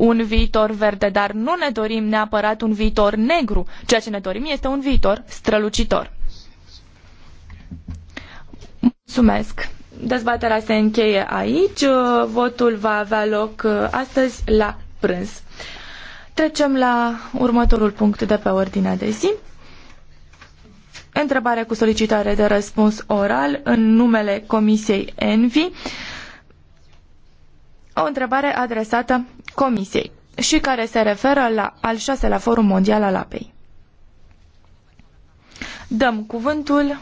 un viitor verde, dar nu ne dorim neapărat un viitor negru. Ceea ce ne dorim este un viitor strălucitor. Mulțumesc. Dezbaterea se încheie aici. Votul va avea loc uh, astăzi la prânz. Trecem la următorul punct de pe ordinea de zi. Întrebare cu solicitare de răspuns oral în numele Comisiei Envi o întrebare adresată Comisiei și care se referă la al șaselea Forum Mondial al Apei. Dăm cuvântul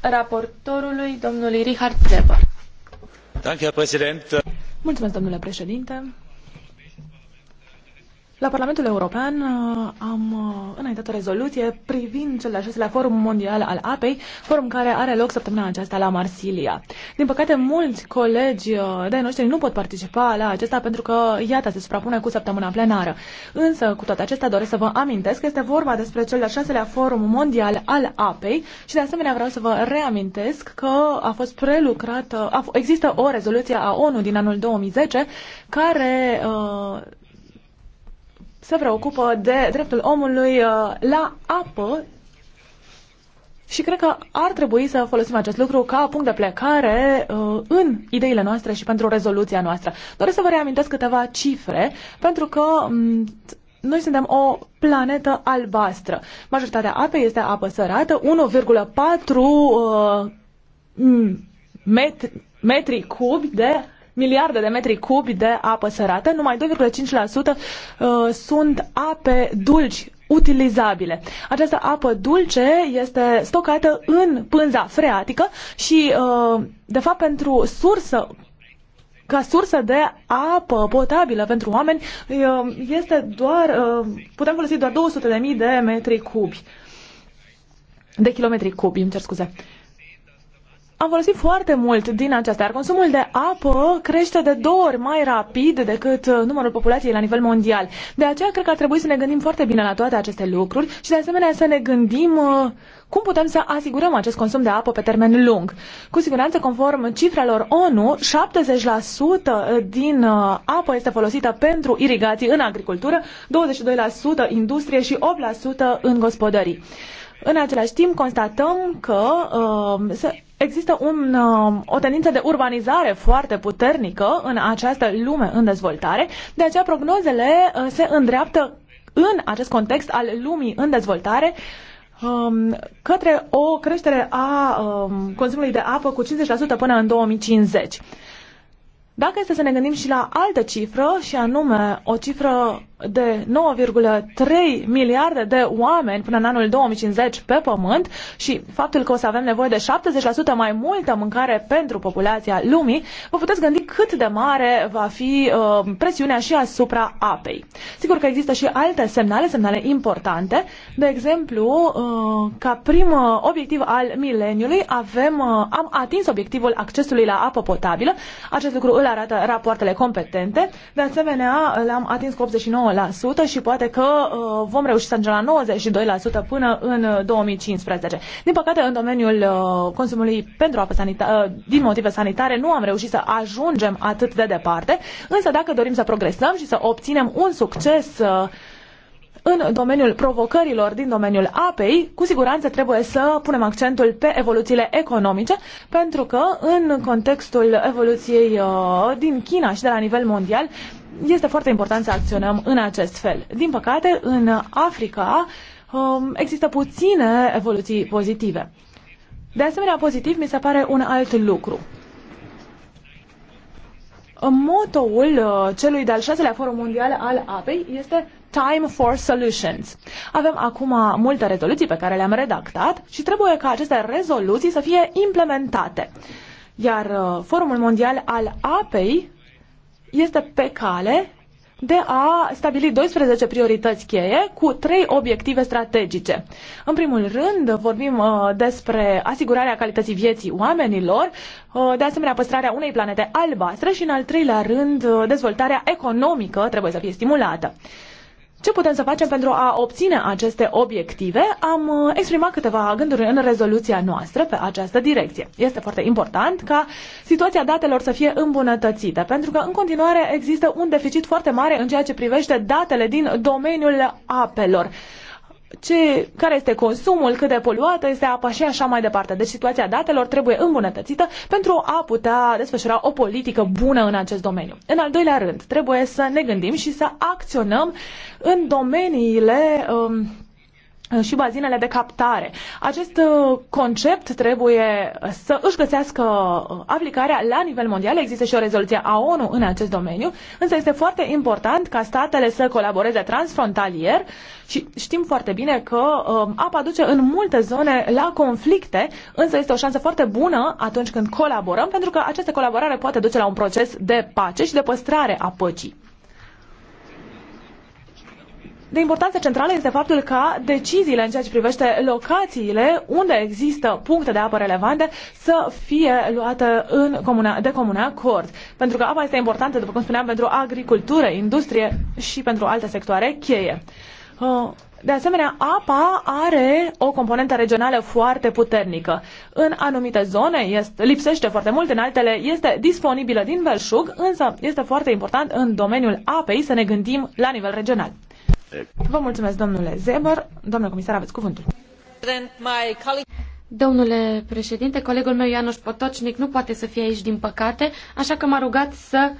raportorului, domnului Richard Zeber. Mulțumesc, domnule președinte. La Parlamentul European uh, am uh, înaintat o rezoluție privind cel de-al șaselea forum mondial al apei, forum care are loc săptămâna aceasta la Marsilia. Din păcate, mulți colegi uh, de noștri nu pot participa la acesta pentru că, iată, se suprapune cu săptămâna plenară. Însă, cu toate acestea, doresc să vă amintesc că este vorba despre cel de-al șaselea forum mondial al apei și, de asemenea, vreau să vă reamintesc că a fost prelucrată, a, există o rezoluție a ONU din anul 2010 care uh, se preocupă de dreptul omului uh, la apă și cred că ar trebui să folosim acest lucru ca punct de plecare uh, în ideile noastre și pentru rezoluția noastră. Doresc să vă reamintesc câteva cifre, pentru că mm, noi suntem o planetă albastră. Majoritatea apei este apă sărată, 1,4 uh, metri, metri cubi de miliarde de metri cubi de apă sărată, numai 2,5% uh, sunt ape dulci utilizabile. Această apă dulce este stocată în pânza freatică și, uh, de fapt, pentru sursă ca sursă de apă potabilă pentru oameni uh, este doar, putem folosi doar 200.000 de metri cubi, de kilometri cubi, îmi cer scuze. Am folosit foarte mult din aceasta, iar consumul de apă crește de două ori mai rapid decât uh, numărul populației la nivel mondial. De aceea, cred că ar trebui să ne gândim foarte bine la toate aceste lucruri și, de asemenea, să ne gândim uh, cum putem să asigurăm acest consum de apă pe termen lung. Cu siguranță, conform cifrelor ONU, 70% din uh, apă este folosită pentru irigații în agricultură, 22% industrie și 8% în gospodării. În același timp, constatăm că uh, se Există un, uh, o tendință de urbanizare foarte puternică în această lume în dezvoltare, de aceea prognozele uh, se îndreaptă în acest context al lumii în dezvoltare um, către o creștere a um, consumului de apă cu 50% până în 2050. Dacă este să ne gândim și la altă cifră, și anume o cifră de 9,3 miliarde de oameni până în anul 2050 pe pământ și faptul că o să avem nevoie de 70% mai multă mâncare pentru populația lumii, vă puteți gândi cât de mare va fi uh, presiunea și asupra apei. Sigur că există și alte semnale, semnale importante. De exemplu, uh, ca prim uh, obiectiv al mileniului avem, uh, am atins obiectivul accesului la apă potabilă. Acest lucru îl le arată rapoartele competente. De asemenea, le-am atins cu 89% și poate că uh, vom reuși să ajungem la 92% până în 2015. Uh, din păcate, în domeniul uh, consumului pentru apă sanitară, din motive sanitare, nu am reușit să ajungem atât de departe, însă dacă dorim să progresăm și să obținem un succes în domeniul provocărilor din domeniul apei, cu siguranță trebuie să punem accentul pe evoluțiile economice, pentru că în contextul evoluției uh, din China și de la nivel mondial, este foarte important să acționăm în acest fel. Din păcate, în Africa um, există puține evoluții pozitive. De asemenea, pozitiv mi se pare un alt lucru. Motoul uh, celui de-al șaselea forum mondial al apei este Time for Solutions. Avem acum multe rezoluții pe care le-am redactat și trebuie ca aceste rezoluții să fie implementate. Iar uh, Forumul Mondial al Apei este pe cale de a stabili 12 priorități cheie cu trei obiective strategice. În primul rând, vorbim uh, despre asigurarea calității vieții oamenilor, uh, de asemenea păstrarea unei planete albastre și, în al treilea rând, uh, dezvoltarea economică trebuie să fie stimulată. Ce putem să facem pentru a obține aceste obiective? Am uh, exprimat câteva gânduri în rezoluția noastră pe această direcție. Este foarte important ca situația datelor să fie îmbunătățită, pentru că în continuare există un deficit foarte mare în ceea ce privește datele din domeniul apelor ce, care este consumul, cât de poluată este apa și așa mai departe. Deci situația datelor trebuie îmbunătățită pentru a putea desfășura o politică bună în acest domeniu. În al doilea rând, trebuie să ne gândim și să acționăm în domeniile um, Uh, și bazinele de captare. Acest uh, concept trebuie să își găsească uh, aplicarea la nivel mondial. Există și o rezoluție a ONU în acest domeniu, însă este foarte important ca statele să colaboreze transfrontalier și știm foarte bine că apa duce în multe zone la conflicte, însă este o șansă foarte bună atunci când colaborăm, pentru că această colaborare poate duce la un proces de pace și de păstrare a păcii de importanță centrală este faptul ca deciziile în ceea ce privește locațiile unde există puncte de apă relevante să fie luate în comuna, de comun acord. Pentru că apa este importantă, după cum spuneam, pentru agricultură, industrie și pentru alte sectoare cheie. Uh, de asemenea, apa are o componentă regională foarte puternică. În anumite zone este, lipsește foarte mult, în altele este disponibilă din belșug, însă este foarte important în domeniul apei să ne gândim la nivel regional. Vă mulțumesc, domnule Zeber. Domnule comisar, aveți cuvântul. Domnule președinte, colegul meu Ianoș Potocnic nu poate să fie aici, din păcate, așa că m-a rugat să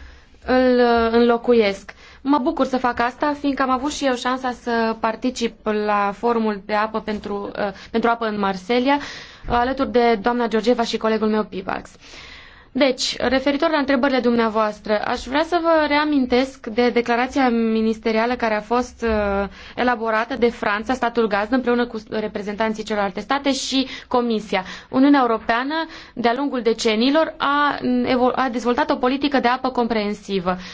îl uh, înlocuiesc. Mă bucur să fac asta, fiindcă am avut și eu șansa să particip la forumul de apă pentru, uh, pentru apă în Marsilia, alături de doamna Georgieva și colegul meu Pivax. Deci, referitor la întrebările dumneavoastră, aș vrea să vă reamintesc de declarația ministerială care a fost uh, elaborată de Franța, statul gazdă, împreună cu reprezentanții celorlalte state și Comisia. Uniunea Europeană, de-a lungul deceniilor, a, a dezvoltat o politică de apă comprehensivă. Uh,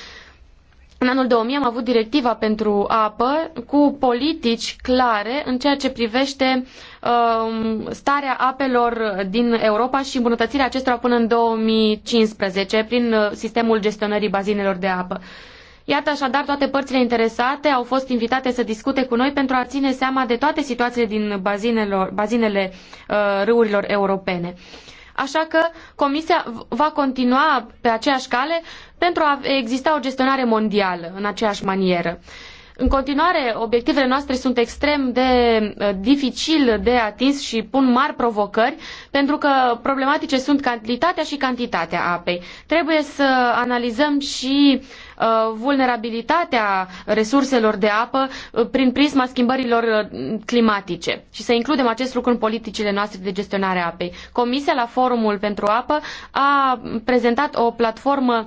în anul 2000 am avut directiva pentru apă cu politici clare în ceea ce privește um, starea apelor din Europa și îmbunătățirea acestora până în 2015 prin uh, sistemul gestionării bazinelor de apă. Iată așadar toate părțile interesate au fost invitate să discute cu noi pentru a ține seama de toate situațiile din bazinele uh, râurilor europene. Uh, Așa că Comisia va continua pe aceeași cale pentru a exista o gestionare mondială în aceeași manieră. În continuare, obiectivele noastre sunt extrem de uh, dificil de atins și pun mari provocări, pentru că problematice sunt cantitatea și cantitatea apei. Trebuie să analizăm și Uh, vulnerabilitatea resurselor de apă uh, prin prisma schimbărilor uh, climatice și să includem acest lucru în politicile noastre de gestionare a apei. Comisia la Forumul pentru Apă a prezentat o platformă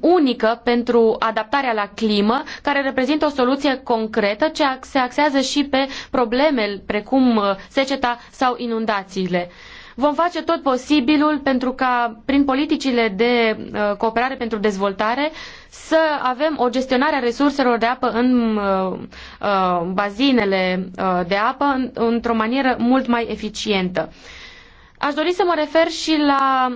unică pentru adaptarea la climă, care reprezintă o soluție concretă ce se axează și pe probleme precum seceta sau inundațiile. Vom face tot posibilul pentru ca prin politicile de uh, cooperare pentru dezvoltare să avem o gestionare a resurselor de apă în uh, uh, bazinele de apă într-o manieră mult mai eficientă. Aș dori să mă refer și la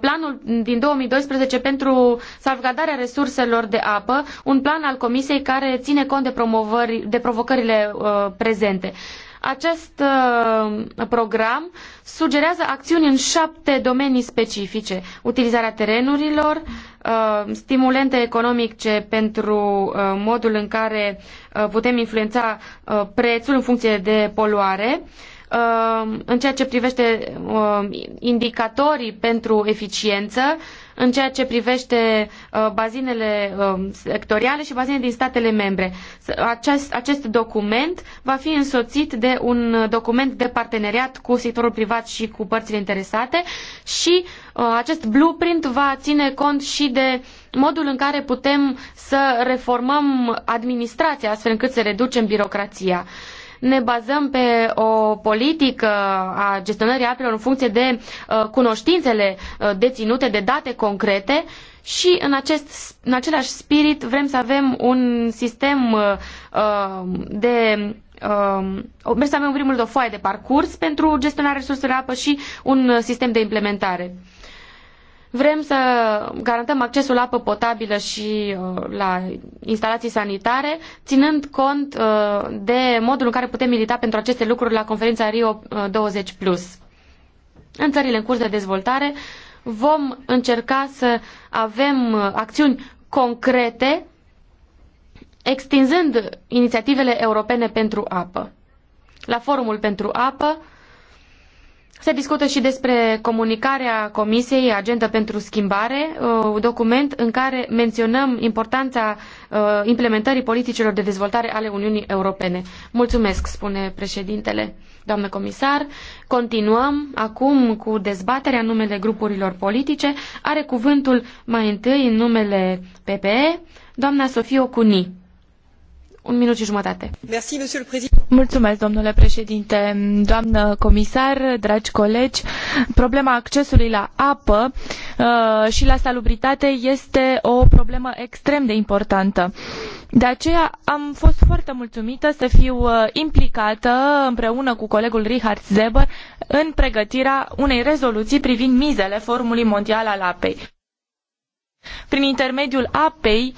planul din 2012 pentru salvgardarea resurselor de apă, un plan al Comisiei care ține cont de, de provocările uh, prezente. Acest uh, program sugerează acțiuni în șapte domenii specifice. Utilizarea terenurilor, uh, stimulente economice pentru uh, modul în care uh, putem influența uh, prețul în funcție de poluare, uh, în ceea ce privește indicatorii pentru eficiență, în ceea ce privește uh, bazinele um, sectoriale și bazinele din statele membre. Acest, acest document va fi însoțit de un document de parteneriat cu sectorul privat și cu părțile interesate și uh, acest blueprint va ține cont și de modul în care putem să reformăm administrația astfel încât să reducem birocrația ne bazăm pe o politică a gestionării apelor în funcție de uh, cunoștințele uh, deținute, de date concrete și în, acest, în același spirit vrem să avem un sistem uh, de vrem să avem în primul rând o foaie de parcurs pentru gestionarea resurselor apă și un sistem de implementare. Vrem să garantăm accesul la apă potabilă și uh, la instalații sanitare, ținând cont uh, de modul în care putem milita pentru aceste lucruri la conferința Rio 20 uh, în țările în curs de dezvoltare, vom încerca să avem acțiuni concrete, extinzând inițiativele europene pentru apă. La Forumul pentru Apă se discută și despre comunicarea Comisiei Agenda pentru Schimbare, uh, un document în care menționăm importanța uh, implementării politicilor de dezvoltare ale Uniunii Europene. Mulțumesc, spune președintele, doamnă comisar. Continuăm acum cu dezbaterea în numele grupurilor politice. Are cuvântul mai întâi în numele PPE, doamna Sofie Ocuni. Un minut și jumătate. Mulțumesc, domnule președinte, doamnă comisar, dragi colegi. Problema accesului la apă uh, și la salubritate este o problemă extrem de importantă. De aceea am fost foarte mulțumită să fiu uh, implicată împreună cu colegul Richard seeber în pregătirea unei rezoluții privind mizele Forumului Mondial al Apei. Prin intermediul apei,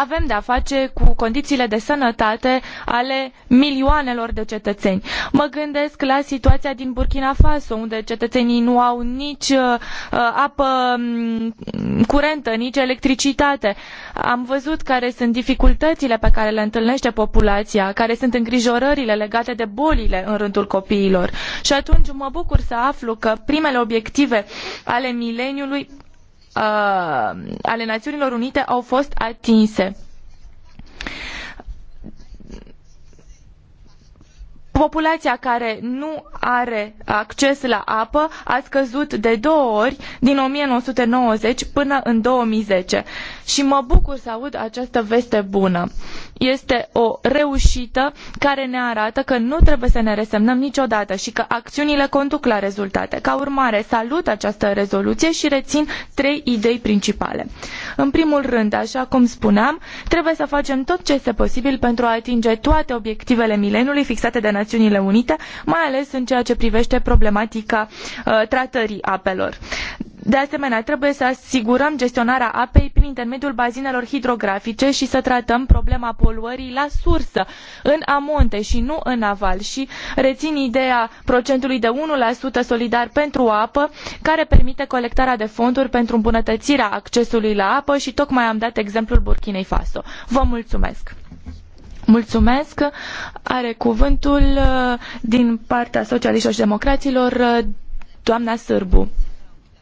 avem de-a face cu condițiile de sănătate ale milioanelor de cetățeni. Mă gândesc la situația din Burkina Faso, unde cetățenii nu au nici uh, apă mm, curentă, nici electricitate. Am văzut care sunt dificultățile pe care le întâlnește populația, care sunt îngrijorările legate de bolile în rândul copiilor. Și atunci mă bucur să aflu că primele obiective ale mileniului Uh, ale Națiunilor Unite au fost atinse. populația care nu are acces la apă a scăzut de două ori din 1990 până în 2010 și mă bucur să aud această veste bună este o reuită care ne arată că nu trebuie să ne resemnăm niciodată și că acțiunile conduc la rezultate. Ca urmare, salut această rezoluție și rețin trei idei principale. În primul rând, așa cum spuneam, trebuie să facem tot ce este posibil pentru a atinge toate obiectivele mileniului fixate de Națiunile Unite, mai ales în ceea ce privește problematica uh, tratării apelor. De asemenea, trebuie să asigurăm gestionarea apei prin intermediul bazinelor hidrografice și să tratăm problema poluării la sursă, în amonte și nu în aval. Și rețin ideea procentului de 1% solidar pentru apă, care permite colectarea de fonduri pentru îmbunătățirea accesului la apă și tocmai am dat exemplul Burkinei Faso. Vă mulțumesc! Mulțumesc. Are cuvântul uh, din partea socialiștilor și democraților uh, doamna Sârbu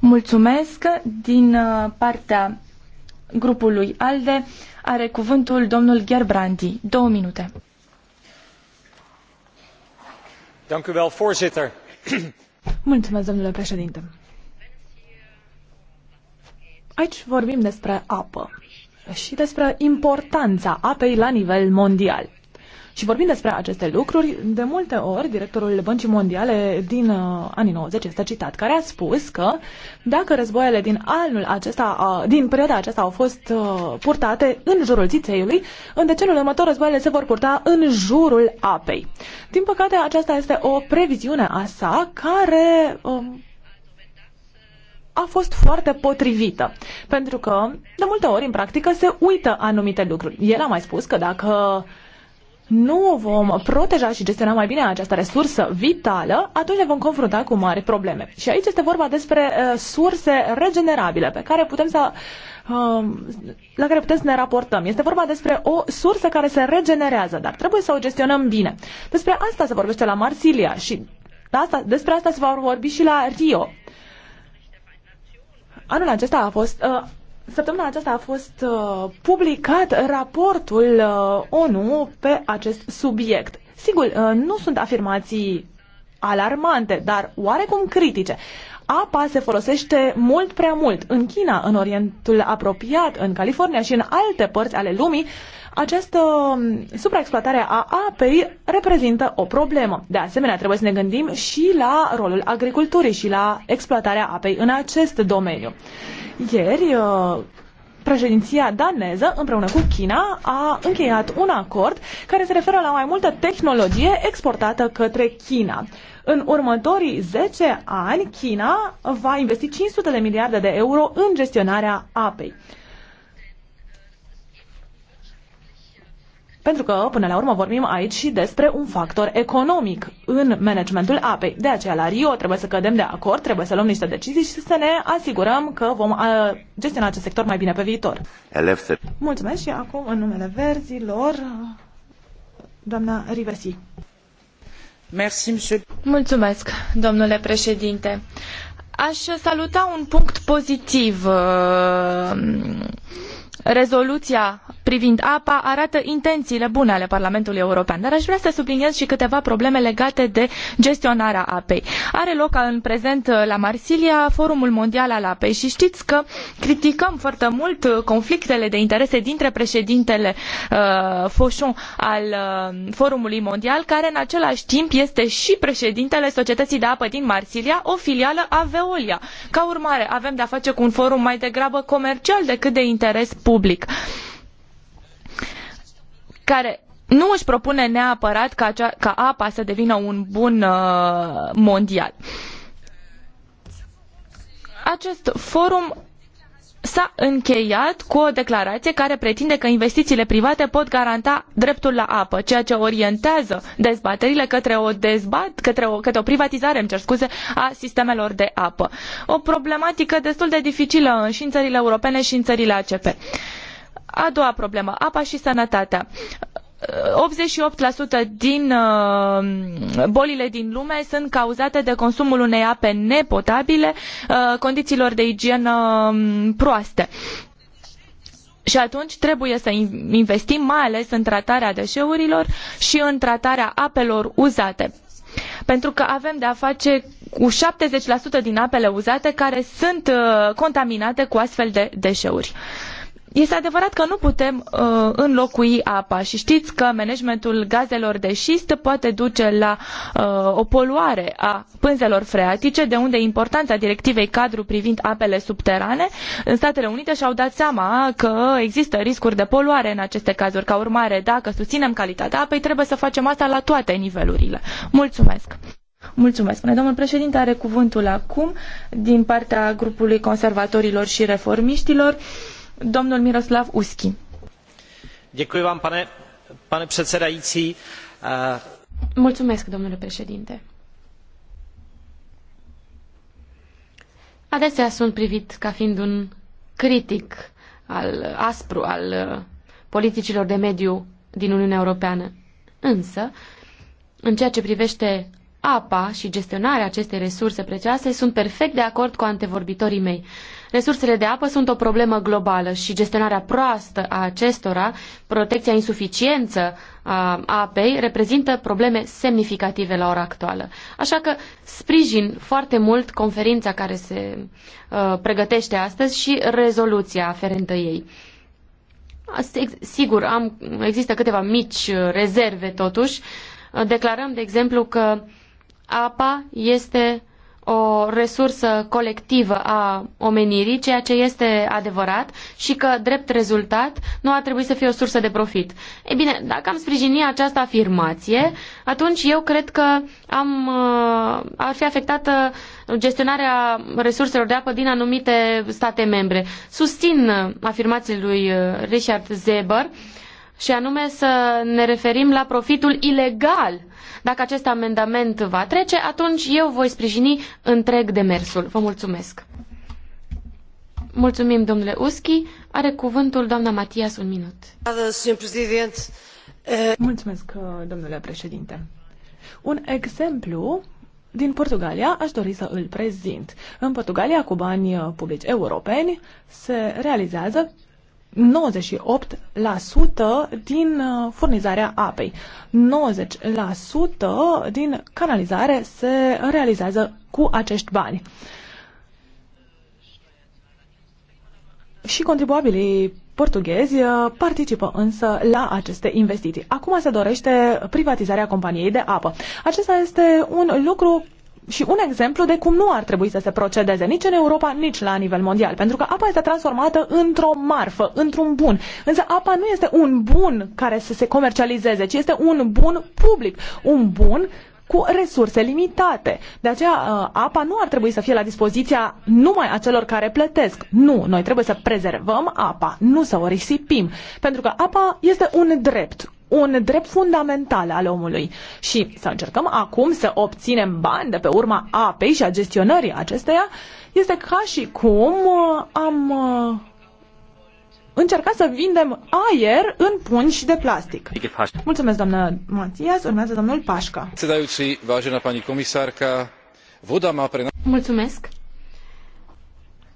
Mulțumesc din uh, partea grupului ALDE. Are cuvântul domnul Gerbrandi. Două minute. Mulțumesc, domnule președinte. Aici vorbim despre apă și despre importanța apei la nivel mondial. Și vorbim despre aceste lucruri, de multe ori directorul Băncii Mondiale din uh, anii 90 este citat, care a spus că dacă războaiele din anul acesta, uh, din perioada aceasta au fost uh, purtate în jurul țițeiului, în decenul următor războaiele se vor purta în jurul apei. Din păcate, aceasta este o previziune a sa care uh, a fost foarte potrivită, pentru că de multe ori în practică se uită anumite lucruri. El a mai spus că dacă uh, nu vom proteja și gestiona mai bine această resursă vitală, atunci ne vom confrunta cu mari probleme. Și aici este vorba despre uh, surse regenerabile pe care putem să uh, la care putem să ne raportăm. Este vorba despre o sursă care se regenerează, dar trebuie să o gestionăm bine. Despre asta se vorbește la Marsilia și asta, despre asta se va vorbi și la Rio. Anul acesta a fost uh, Săptămâna aceasta a fost uh, publicat raportul uh, ONU pe acest subiect. Sigur, uh, nu sunt afirmații alarmante, dar oarecum critice apa se folosește mult prea mult. În China, în Orientul apropiat, în California și în alte părți ale lumii, această um, supraexploatare a apei reprezintă o problemă. De asemenea, trebuie să ne gândim și la rolul agriculturii și la exploatarea apei în acest domeniu. Ieri, uh, președinția daneză împreună cu China a încheiat un acord care se referă la mai multă tehnologie exportată către China. În următorii 10 ani, China va investi 500 de miliarde de euro în gestionarea apei. Pentru că, până la urmă, vorbim aici și despre un factor economic în managementul apei. De aceea, la Rio trebuie să cădem de acord, trebuie să luăm niște decizii și să ne asigurăm că vom gestiona acest sector mai bine pe viitor. Elefse. Mulțumesc și acum, în numele verzilor, doamna Riversi. Merci, Mulțumesc, domnule președinte. Aș saluta un punct pozitiv uh, rezoluția privind apa arată intențiile bune ale Parlamentului European, dar aș vrea să subliniez și câteva probleme legate de gestionarea apei. Are loc în prezent la Marsilia Forumul Mondial al Apei și știți că criticăm foarte mult conflictele de interese dintre președintele uh, Fauchon al uh, Forumului Mondial, care în același timp este și președintele Societății de Apă din Marsilia, o filială a Veolia. Ca urmare, avem de-a face cu un forum mai degrabă comercial decât de interes public public care nu își propune neapărat ca, acea, ca apa să devină un bun uh, mondial. Acest forum s-a încheiat cu o declarație care pretinde că investițiile private pot garanta dreptul la apă, ceea ce orientează dezbaterile către o dezbat, către o, către o privatizare, îmi cer scuze, a sistemelor de apă. O problematică destul de dificilă și în țările europene și în țările ACP. A doua problemă, apa și sănătatea. 88% din uh, bolile din lume sunt cauzate de consumul unei ape nepotabile, uh, condițiilor de igienă um, proaste. Și atunci trebuie să investim mai ales în tratarea deșeurilor și în tratarea apelor uzate. Pentru că avem de a face cu 70% din apele uzate care sunt uh, contaminate cu astfel de deșeuri. Este adevărat că nu putem uh, înlocui apa și știți că managementul gazelor de șist poate duce la uh, o poluare a pânzelor freatice, de unde importanța directivei cadru privind apele subterane. În Statele Unite și-au dat seama că există riscuri de poluare în aceste cazuri. Ca urmare, dacă susținem calitatea apei, trebuie să facem asta la toate nivelurile. Mulțumesc! Mulțumesc. domnul președinte are cuvântul acum din partea grupului conservatorilor și reformiștilor. Miroslav pane, předsedající. Eh, Mulțumesc, domnule președinte. Adesea sunt privit ca fiind un critic al aspru al eh, politicilor de mediu din Uniunea Europeană. Însă, în ceea ce privește apa și gestionarea acestei resurse prețioase, sunt perfect de acord cu antevorbitorii mei. Resursele de apă sunt o problemă globală și gestionarea proastă a acestora, protecția insuficientă a apei, reprezintă probleme semnificative la ora actuală. Așa că sprijin foarte mult conferința care se uh, pregătește astăzi și rezoluția aferentă ei. Sigur, am, există câteva mici uh, rezerve totuși. Uh, declarăm, de exemplu, că apa este o resursă colectivă a omenirii, ceea ce este adevărat și că, drept rezultat, nu ar trebui să fie o sursă de profit. Ei bine, dacă am sprijini această afirmație, atunci eu cred că am, uh, ar fi afectată gestionarea resurselor de apă din anumite state membre. Susțin afirmațiile lui uh, Richard Zeber și anume să ne referim la profitul ilegal. Dacă acest amendament va trece, atunci eu voi sprijini întreg demersul. Vă mulțumesc. Mulțumim, domnule Uschi. Are cuvântul doamna Matias un minut. Eh, mulțumesc, eh, domnule președinte. Un exemplu din Portugalia aș dori să îl prezint. În Portugalia, cu bani eh, publici europeni, se realizează 98% din uh, furnizarea apei. 90% din canalizare se realizează cu acești bani. Și contribuabilii portughezi uh, participă însă la aceste investiții. Acum se dorește privatizarea companiei de apă. Acesta este un lucru și un exemplu de cum nu ar trebui să se procedeze nici în Europa, nici la nivel mondial. Pentru că apa este transformată într-o marfă, într-un bun. Însă apa nu este un bun care să se comercializeze, ci este un bun public. Un bun cu resurse limitate. De aceea, uh, apa nu ar trebui să fie la dispoziția numai a celor care plătesc. Nu, noi trebuie să prezervăm apa, nu să o risipim. Pentru că apa este un drept, un drept fundamental al omului și să încercăm acum să obținem bani de pe urma apei și a gestionării acesteia este ca și cum uh, am uh, încercat să vindem aer în pungi de plastic. Mulțumesc, doamnă Matias. Urmează domnul Pașca. Mulțumesc.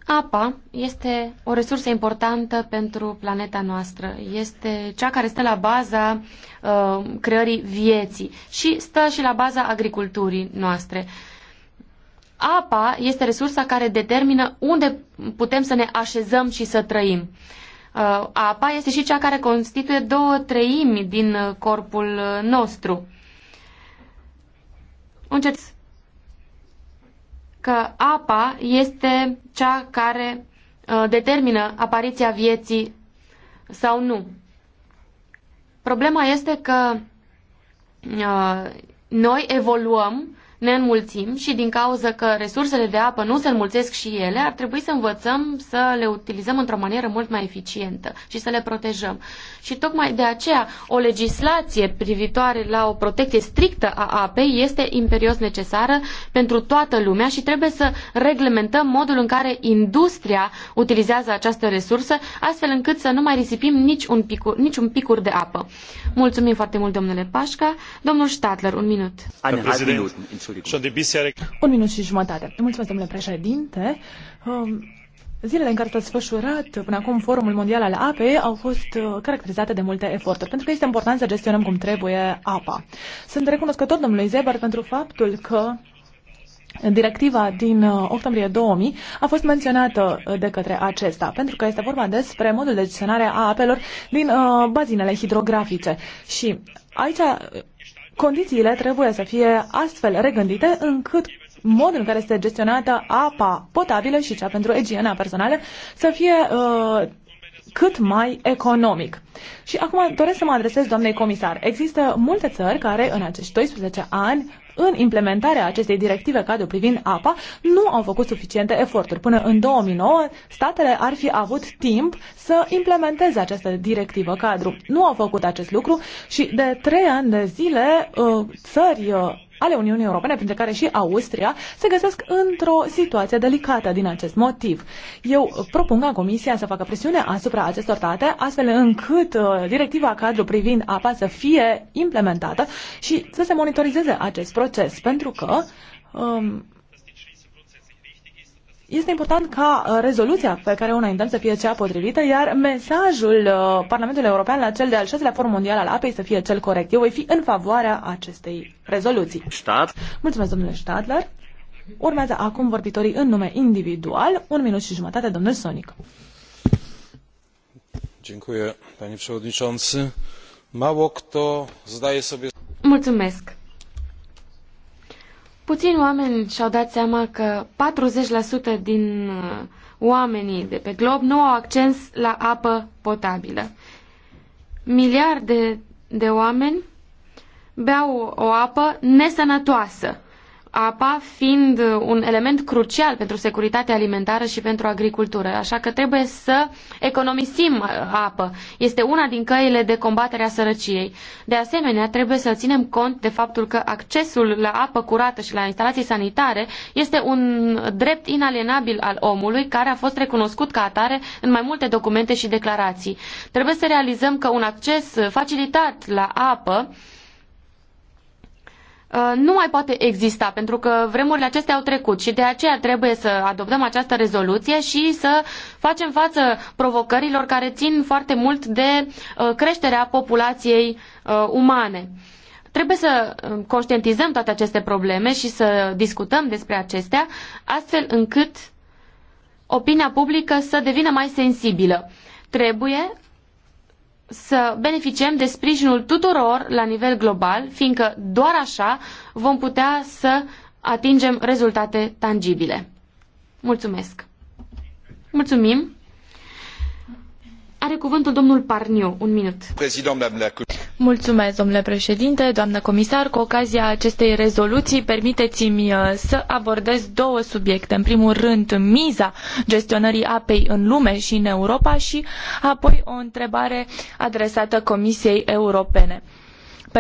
Apa este o resursă importantă pentru planeta noastră. Este cea care stă la baza uh, creării vieții și stă și la baza agriculturii noastre. Apa este resursa care determină unde putem să ne așezăm și să trăim. Uh, apa este și cea care constituie două treimi din corpul nostru. Încerc că apa este cea care uh, determină apariția vieții sau nu. Problema este că uh, noi evoluăm ne înmulțim și din cauza că resursele de apă nu se înmulțesc și ele, ar trebui să învățăm să le utilizăm într-o manieră mult mai eficientă și să le protejăm. Și tocmai de aceea o legislație privitoare la o protecție strictă a apei este imperios necesară pentru toată lumea și trebuie să reglementăm modul în care industria utilizează această resursă, astfel încât să nu mai risipim nici un picur, nici un picur de apă. Mulțumim foarte mult, domnule Pașca. Domnul Stadler, un minut. An, minut. Un minut și jumătate. Mulțumesc, domnule președinte. Um, zilele în care s-a desfășurat până acum Forumul Mondial al Apei au fost uh, caracterizate de multe eforturi, pentru că este important să gestionăm cum trebuie apa. Sunt recunoscător domnului Zebar pentru faptul că Directiva din uh, octombrie 2000 a fost menționată uh, de către acesta, pentru că este vorba despre modul de gestionare a apelor din uh, bazinele hidrografice. Și aici condițiile trebuie să fie astfel regândite încât modul în care este gestionată apa potabilă și cea pentru egiena personală să fie uh, cât mai economic. Și acum doresc să mă adresez doamnei comisar. Există multe țări care în acești 12 ani în implementarea acestei directive cadru privind apa nu au făcut suficiente eforturi. Până în 2009, statele ar fi avut timp să implementeze această directivă cadru. Nu au făcut acest lucru și de trei ani de zile uh, țări uh, ale Uniunii Europene, printre care și Austria, se găsesc într-o situație delicată din acest motiv. Eu propun ca Comisia să facă presiune asupra acestor state, astfel încât uh, directiva cadru privind apa să fie implementată și să se monitorizeze acest proces, pentru că um, este important ca uh, rezoluția pe care o înaintăm să fie cea potrivită, iar mesajul uh, Parlamentului European la cel de-al șaselea Forum Mondial al Apei să fie cel corect. Eu voi fi în favoarea acestei rezoluții. Stat. Mulțumesc, domnule Stadler. Urmează acum vorbitorii în nume individual. Un minut și jumătate, domnul Sonic. Dziękuję, panie przewodniczący. Mało kto zdaje sobie... Mulțumesc. Puțini oameni și-au dat seama că 40% din uh, oamenii de pe glob nu au acces la apă potabilă. Miliarde de oameni beau o apă nesănătoasă apa fiind un element crucial pentru securitatea alimentară și pentru agricultură, așa că trebuie să economisim uh, apă. Este una din căile de combatere a sărăciei. De asemenea, trebuie să ținem cont de faptul că accesul la apă curată și la instalații sanitare este un drept inalienabil al omului care a fost recunoscut ca atare în mai multe documente și declarații. Trebuie să realizăm că un acces facilitat la apă Uh, nu mai poate exista, pentru că vremurile acestea au trecut și de aceea trebuie să adoptăm această rezoluție și să facem față provocărilor care țin foarte mult de uh, creșterea populației uh, umane. Trebuie să conștientizăm toate aceste probleme și să discutăm despre acestea, astfel încât opinia publică să devină mai sensibilă. Trebuie să beneficiem de sprijinul tuturor la nivel global, fiindcă doar așa vom putea să atingem rezultate tangibile. Mulțumesc! Mulțumim! Are cuvântul domnul Parniu. Un minut. Mulțumesc, domnule președinte, doamnă comisar. Cu ocazia acestei rezoluții, permiteți-mi uh, să abordez două subiecte. În primul rând, miza gestionării apei în lume și în Europa și apoi o întrebare adresată Comisiei Europene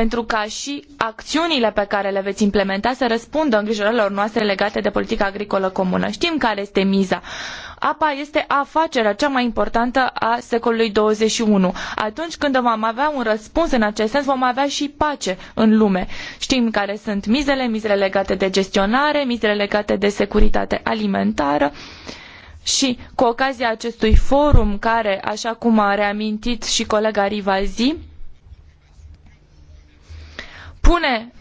pentru ca și acțiunile pe care le veți implementa să răspundă îngrijorărilor noastre legate de politica agricolă comună. Știm care este miza. Apa este afacerea cea mai importantă a secolului 21. Atunci când vom avea un răspuns în acest sens, vom avea și pace în lume. Știm care sunt mizele, mizele legate de gestionare, mizele legate de securitate alimentară. Și cu ocazia acestui forum, care, așa cum a reamintit și colega Rivazi, pune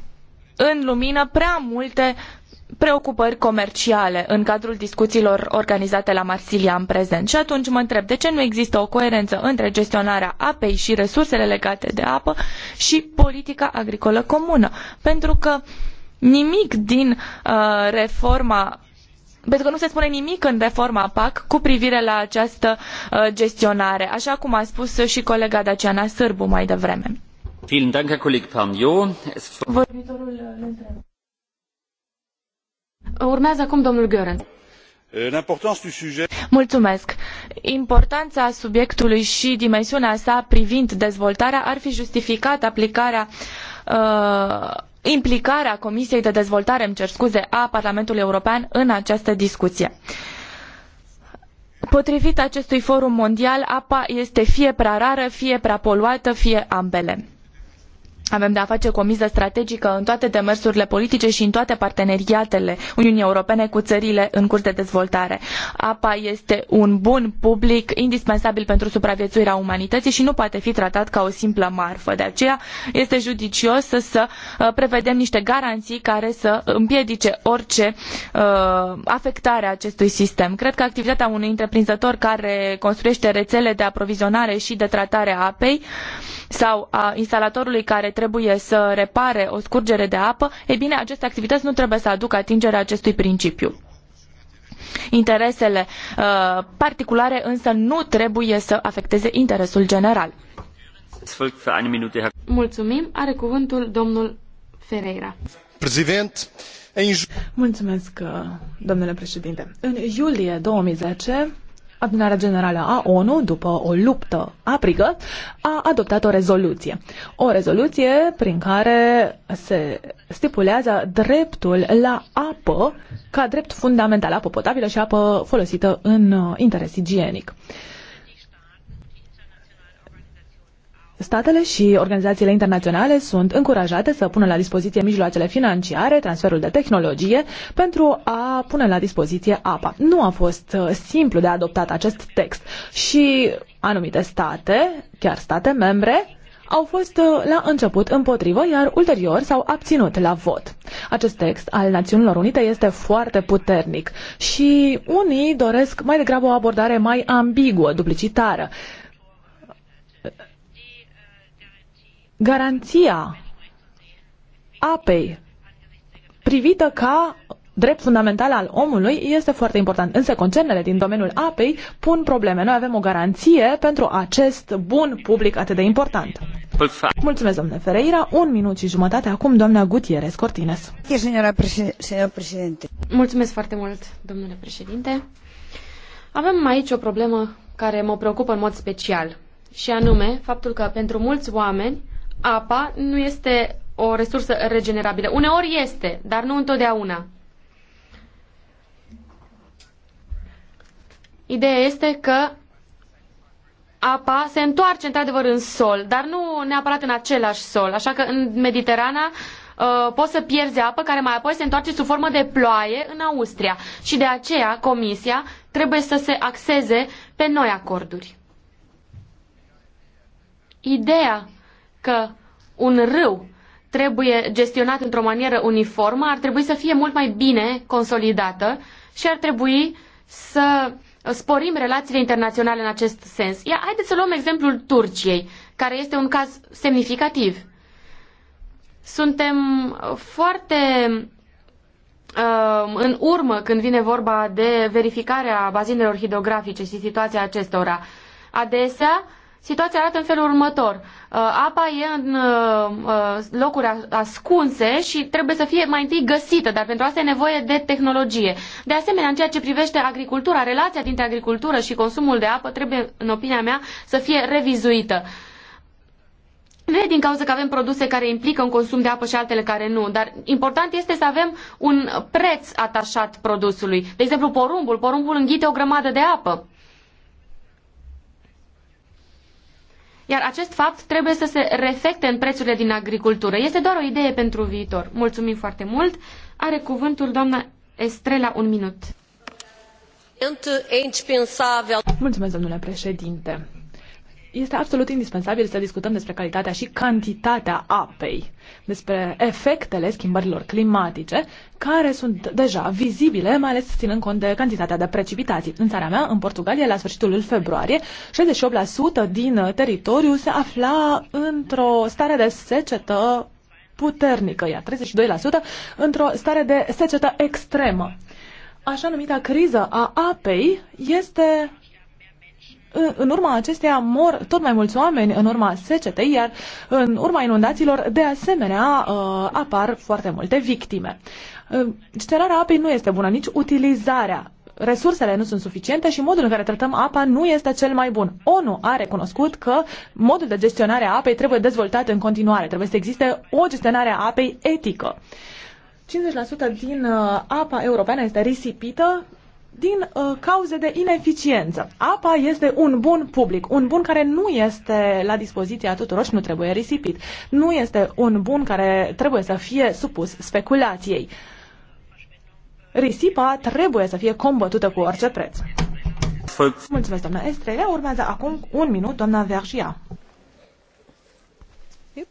în lumină prea multe preocupări comerciale în cadrul discuțiilor organizate la Marsilia în prezent. Și atunci mă întreb de ce nu există o coerență între gestionarea apei și resursele legate de apă și politica agricolă comună. Pentru că nimic din uh, reforma pentru că nu se spune nimic în reforma PAC cu privire la această uh, gestionare, așa cum a spus și colega Daciana Sârbu mai devreme. Vorbitorul uh, Urmează acum domnul Gören. Uh, Importanța subiectului și dimensiunea sa privind dezvoltarea ar fi justificat aplicarea uh, implicarea Comisiei de Dezvoltare, îmi cer scuze, a Parlamentului European în această discuție. Potrivit acestui forum mondial, apa este fie prea rară, fie prea poluată, fie ambele avem de a face cu o miză strategică în toate demersurile politice și în toate parteneriatele Uniunii Europene cu țările în curs de dezvoltare. Apa este un bun public indispensabil pentru supraviețuirea umanității și nu poate fi tratat ca o simplă marfă. De aceea este judicios să, să uh, prevedem niște garanții care să împiedice orice uh, afectare a acestui sistem. Cred că activitatea unui întreprinzător care construiește rețele de aprovizionare și de tratare a apei sau a instalatorului care trebuie să repare o scurgere de apă, e bine, aceste activități nu trebuie să aducă atingerea acestui principiu. Interesele uh, particulare însă nu trebuie să afecteze interesul general. Mulțumim. Are cuvântul domnul Ferreira. Prezident, Mulțumesc, uh, domnule președinte. În iulie 2010, adunarea generală a ONU, după o luptă aprigă, a adoptat o rezoluție. O rezoluție prin care se stipulează dreptul la apă ca drept fundamental, apă potabilă și apă folosită în uh, interes igienic. Statele și organizațiile internaționale sunt încurajate să pună la dispoziție mijloacele financiare, transferul de tehnologie, pentru a pune la dispoziție apa. Nu a fost uh, simplu de adoptat acest text și anumite state, chiar state membre, au fost uh, la început împotrivă, iar ulterior s-au abținut la vot. Acest text al Națiunilor Unite este foarte puternic și unii doresc mai degrabă o abordare mai ambiguă, duplicitară. garanția apei privită ca drept fundamental al omului este foarte important. Însă concernele din domeniul apei pun probleme. Noi avem o garanție pentru acest bun public atât de important. Mulțumesc, domnule Ferreira. Un minut și jumătate acum, doamna Gutierrez Cortines. Mulțumesc foarte mult, domnule președinte. Avem aici o problemă care mă preocupă în mod special și anume faptul că pentru mulți oameni apa nu este o resursă regenerabilă. Uneori este, dar nu întotdeauna. Ideea este că apa se întoarce într-adevăr în sol, dar nu neapărat în același sol. Așa că în Mediterana uh, poți să pierzi apă care mai apoi se întoarce sub formă de ploaie în Austria. Și de aceea Comisia trebuie să se axeze pe noi acorduri. Ideea că un râu trebuie gestionat într-o manieră uniformă, ar trebui să fie mult mai bine consolidată și ar trebui să sporim relațiile internaționale în acest sens. Ia, haideți să luăm exemplul Turciei, care este un caz semnificativ. Suntem foarte uh, în urmă când vine vorba de verificarea bazinelor hidrografice și situația acestora. Adesea, uh, situația arată în felul următor. Uh, apa e în uh, uh, locuri ascunse și trebuie să fie mai întâi găsită, dar pentru asta e nevoie de tehnologie. De asemenea, în ceea ce privește agricultura, relația dintre agricultură și consumul de apă trebuie, în opinia mea, să fie revizuită. Nu e din cauza că avem produse care implică un consum de apă și altele care nu, dar important este să avem un preț atașat produsului. De exemplu, porumbul. Porumbul înghite o grămadă de apă. Iar acest fapt trebuie să se reflecte în prețurile din agricultură. Este doar o idee pentru viitor. Mulțumim foarte mult. Are cuvântul doamna Estrela un minut. Mulțumesc, domnule președinte este absolut indispensabil să discutăm despre calitatea și cantitatea apei, despre efectele schimbărilor climatice, care sunt deja vizibile, mai ales ținând cont de cantitatea de precipitații. În țara mea, în Portugalia, la sfârșitul lui februarie, 68% din teritoriu se afla într-o stare de secetă puternică, iar 32% într-o stare de secetă extremă. Așa numita criză a apei este în urma acesteia mor tot mai mulți oameni în urma secetei, iar în urma inundațiilor, de asemenea, uh, apar foarte multe victime. Uh, Cerarea apei nu este bună, nici utilizarea resursele nu sunt suficiente și modul în care tratăm apa nu este cel mai bun. ONU a recunoscut că modul de gestionare a apei trebuie dezvoltat în continuare. Trebuie să existe o gestionare a apei etică. 50% din uh, apa europeană este risipită din uh, cauze de ineficiență. Apa este un bun public, un bun care nu este la dispoziția tuturor și nu trebuie risipit. Nu este un bun care trebuie să fie supus speculației. Risipa trebuie să fie combătută cu orice preț. Mulțumesc, doamna Estrela. Urmează acum un minut, doamna Vergia. Yep.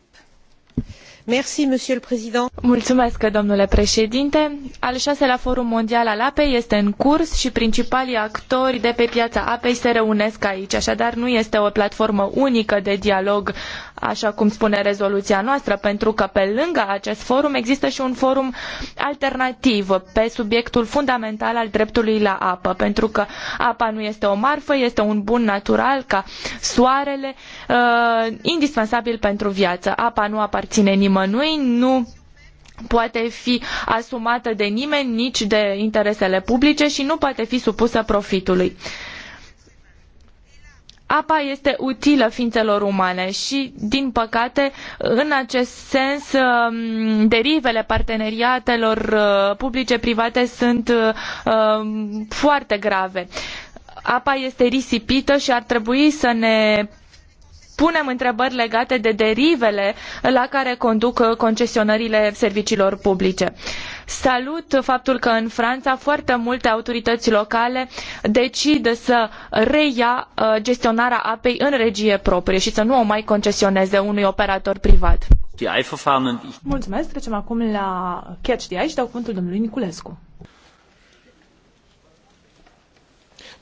Mulțumesc, domnule președinte. Al șaselea Forum Mondial al Apei este în curs și principalii actori de pe piața apei se reunesc aici, așadar nu este o platformă unică de dialog așa cum spune rezoluția noastră, pentru că pe lângă acest forum există și un forum alternativ pe subiectul fundamental al dreptului la apă, pentru că apa nu este o marfă, este un bun natural ca soarele, uh, indispensabil pentru viață. Apa nu aparține nimănui, nu poate fi asumată de nimeni, nici de interesele publice și nu poate fi supusă profitului. Uh, Apa este utilă ființelor umane și, din păcate, în acest sens, um, derivele parteneriatelor uh, publice-private sunt uh, um, foarte grave apa este risipită și ar trebui să ne punem întrebări legate de derivele la care conduc uh, concesionările serviciilor publice. Salut faptul că în Franța foarte multe autorități locale decid să reia uh, gestionarea apei în regie proprie și să nu o mai concesioneze unui operator privat. Mulțumesc. Trecem acum la Catch the Eye și dau cuvântul domnului Niculescu.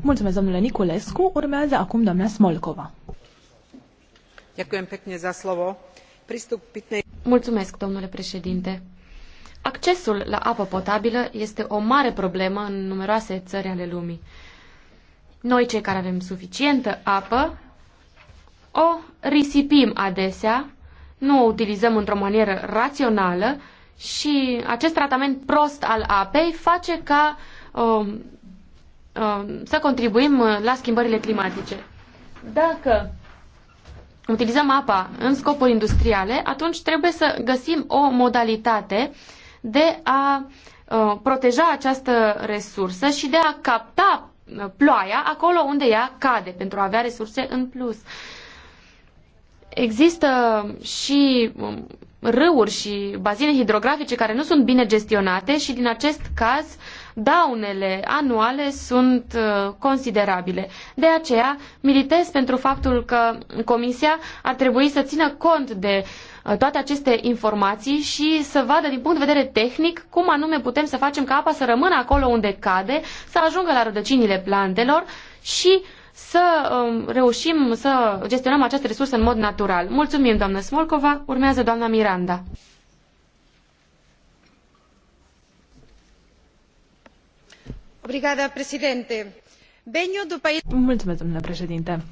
Mulțumesc, Urmează acum Smolkova. Mulțumesc, domnule președinte. Accesul la apă potabilă este o mare problemă în numeroase țări ale lumii. Noi, cei care avem suficientă apă, o risipim adesea, nu o utilizăm într-o manieră rațională și acest tratament prost al apei face ca Um, um, să contribuim uh, la schimbările climatice. Dacă utilizăm apa în scopuri industriale, atunci trebuie să găsim o modalitate de a uh, proteja această resursă și de a capta uh, ploaia acolo unde ea cade pentru a avea resurse în plus. Există și um, râuri și bazine hidrografice care nu sunt bine gestionate și din acest caz uh, daunele anuale sunt uh, considerabile. De aceea, militez pentru faptul că Comisia ar trebui să țină cont de uh, toate aceste informații și să vadă din punct de vedere tehnic cum anume putem să facem ca apa să rămână acolo unde cade, să ajungă la rădăcinile plantelor și să um, reușim să gestionăm această resursă în mod natural. Mulțumim, doamnă Smolcova. Urmează doamna Miranda. Mulțumesc, președinte.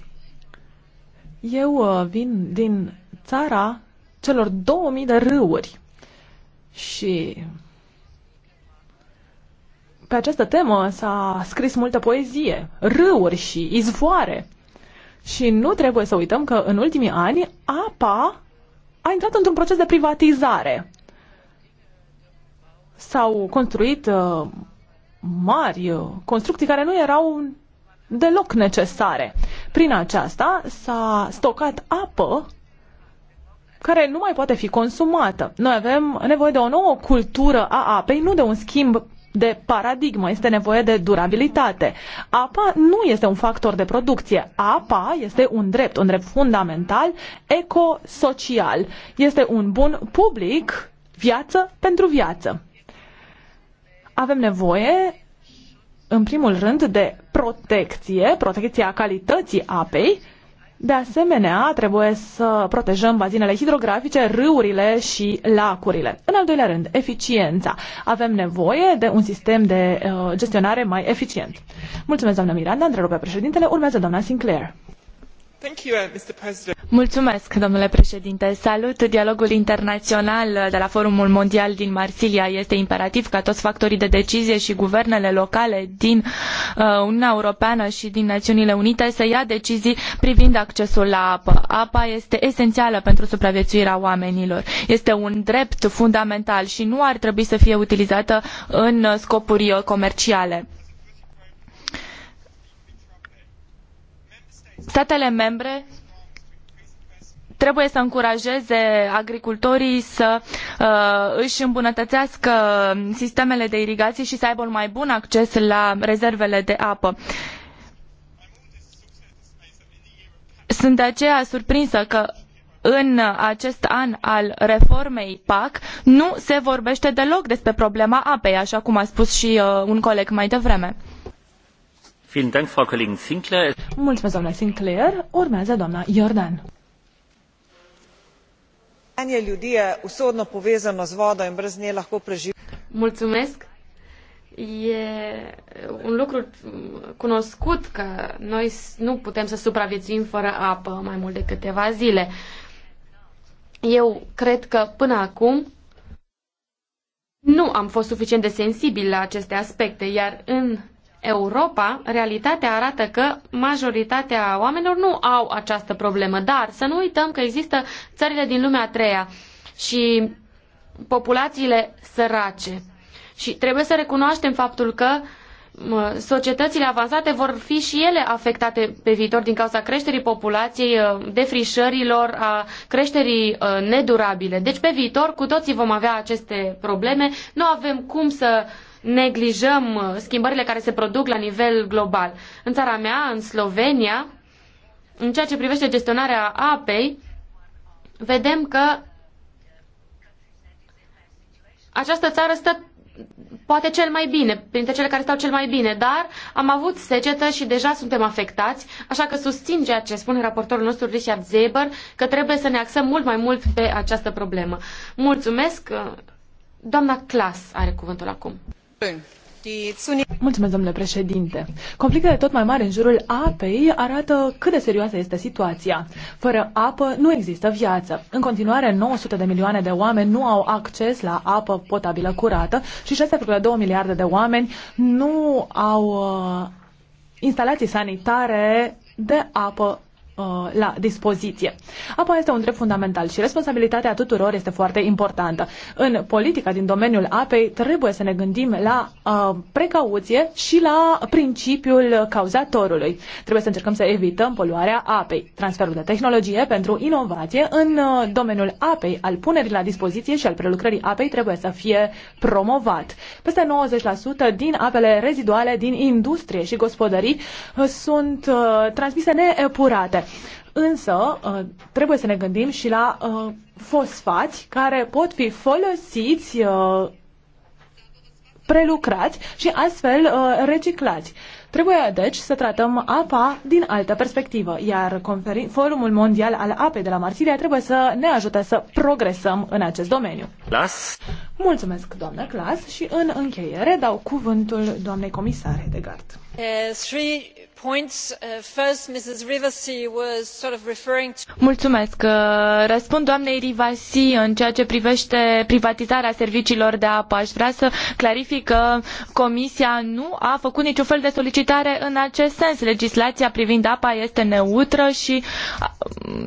Eu uh, vin din țara celor 2000 de râuri și pe această temă s-a scris multă poezie, râuri și izvoare. Și nu trebuie să uităm că în ultimii ani apa a intrat într-un proces de privatizare. S-au construit uh, mari, uh, construcții care nu erau deloc necesare. Prin aceasta s-a stocat apă care nu mai poate fi consumată. Noi avem nevoie de o nouă cultură a apei, nu de un schimb de paradigmă, este nevoie de durabilitate. Apa nu este un factor de producție, apa este un drept, un drept fundamental, ecosocial. Este un bun public, viață pentru viață avem nevoie, în primul rând, de protecție, protecția calității apei. De asemenea, trebuie să protejăm bazinele hidrografice, râurile și lacurile. În al doilea rând, eficiența. Avem nevoie de un sistem de uh, gestionare mai eficient. Mulțumesc, doamna Miranda, întrerupe președintele. Urmează doamna Sinclair. Uh, Mulțumesc, domnule președinte. Salut dialogul internațional de la Forumul Mondial din Marsilia. Este imperativ ca toți factorii de decizie și guvernele locale din uh, Uniunea Europeană și din Națiunile Unite să ia decizii privind accesul la apă. Apa este esențială pentru supraviețuirea oamenilor. Este un drept fundamental și nu ar trebui să fie utilizată în scopuri comerciale statele membre trebuie să încurajeze agricultorii să uh, își îmbunătățească sistemele de irigație și să aibă un mai bun acces la rezervele de apă. Sunt de aceea surprinsă că în acest an al reformei PAC nu se vorbește deloc despre problema apei, așa cum a spus și uh, un coleg mai devreme. Mulțumesc, doamna Sinclair. Urmează doamna Jordan. Mulțumesc. E un lucru cunoscut că noi nu putem să supraviețuim fără apă mai mult de câteva zile. Eu cred că până acum nu am fost suficient de sensibili la aceste aspecte, iar în Europa, realitatea arată că majoritatea oamenilor nu au această problemă, dar să nu uităm că există țările din lumea a treia și populațiile sărace. Și trebuie să recunoaștem faptul că societățile avansate vor fi și ele afectate pe viitor din cauza creșterii populației, ă, defrișărilor, a creșterii ă, nedurabile. Deci pe viitor cu toții vom avea aceste probleme. Nu avem cum să uh, neglijăm uh, schimbările care se produc la nivel global. În țara mea, în Slovenia, în ceea ce privește gestionarea apei, vedem că această țară stă poate cel mai bine, printre cele care stau cel mai bine, dar am avut secetă și deja suntem afectați, așa că susțin ceea ce spune raportorul nostru Richard Zeber, că trebuie să ne axăm mult mai mult pe această problemă. Mulțumesc! Doamna Clas are cuvântul acum. Mulțumesc, domnule președinte. Conflictele tot mai mari în jurul apei arată cât de serioasă este situația. Fără apă nu există viață. În continuare, 900 de milioane de oameni nu au acces la apă potabilă curată și 6,2 miliarde de oameni nu au uh, instalații sanitare de apă Uh, la dispoziție. Apa este un drept fundamental și responsabilitatea tuturor este foarte importantă. În politica din domeniul apei trebuie să ne gândim la uh, precauție și la principiul cauzatorului. Trebuie să încercăm să evităm poluarea apei. Transferul de tehnologie pentru inovație în uh, domeniul apei, al punerii la dispoziție și al prelucrării apei trebuie să fie promovat. Peste 90% din apele reziduale din industrie și gospodării uh, sunt uh, transmise neepurate. Însă, uh, trebuie să ne gândim și la uh, fosfați care pot fi folosiți uh, prelucrați și astfel reciclați. Trebuie, deci, să tratăm apa din altă perspectivă, iar Forumul Mondial al Apei de la Marsilia trebuie să ne ajute să progresăm în acest domeniu. Las. Mulțumesc, doamnă Clas, și în încheiere dau cuvântul doamnei comisare de gard. Uh, uh, Mulțumesc. Uh, răspund doamnei Rivasi în ceea ce privește privatizarea serviciilor de apă. Aș vrea să clarific că Comisia nu a făcut niciun fel de solicitare în acest sens. Legislația privind apa este neutră și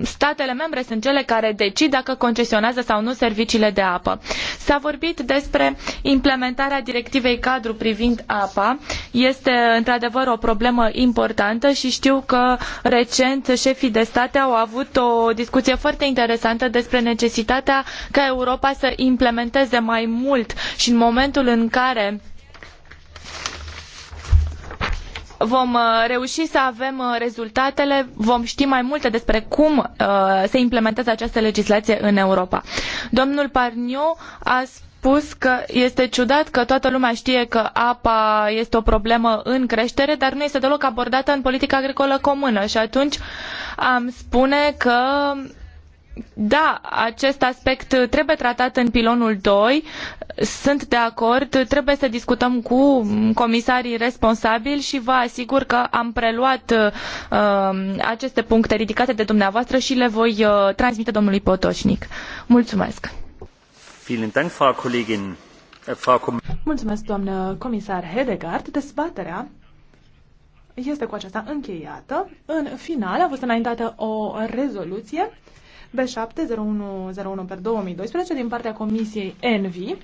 statele membre sunt cele care decid dacă concesionează sau nu serviciile de apă. S-a vorbit vorbit despre implementarea directivei cadru privind apa. Este într-adevăr o problemă importantă și știu că recent șefii de state au avut o discuție foarte interesantă despre necesitatea ca Europa să implementeze mai mult și în momentul în care vom uh, reuși să avem uh, rezultatele, vom ști mai multe despre cum uh, se implementează această legislație în Europa. Domnul Parniu a spus spus că este ciudat că toată lumea știe că apa este o problemă în creștere, dar nu este deloc abordată în politica agricolă comună. Și atunci am spune că da, acest aspect trebuie tratat în pilonul doi. Sunt de acord, trebuie să discutăm cu comisarii responsabili și vă asigur că am preluat uh, aceste puncte ridicate de dumneavoastră și le voi uh, transmite domnului Potoșnic. Mulțumesc! Äh, doamnă comisar Hedegaard. Dezbaterea este cu aceasta încheiată. În final a fost înaintată o rezoluție B7-0101 per 2012 din partea Comisiei ENVI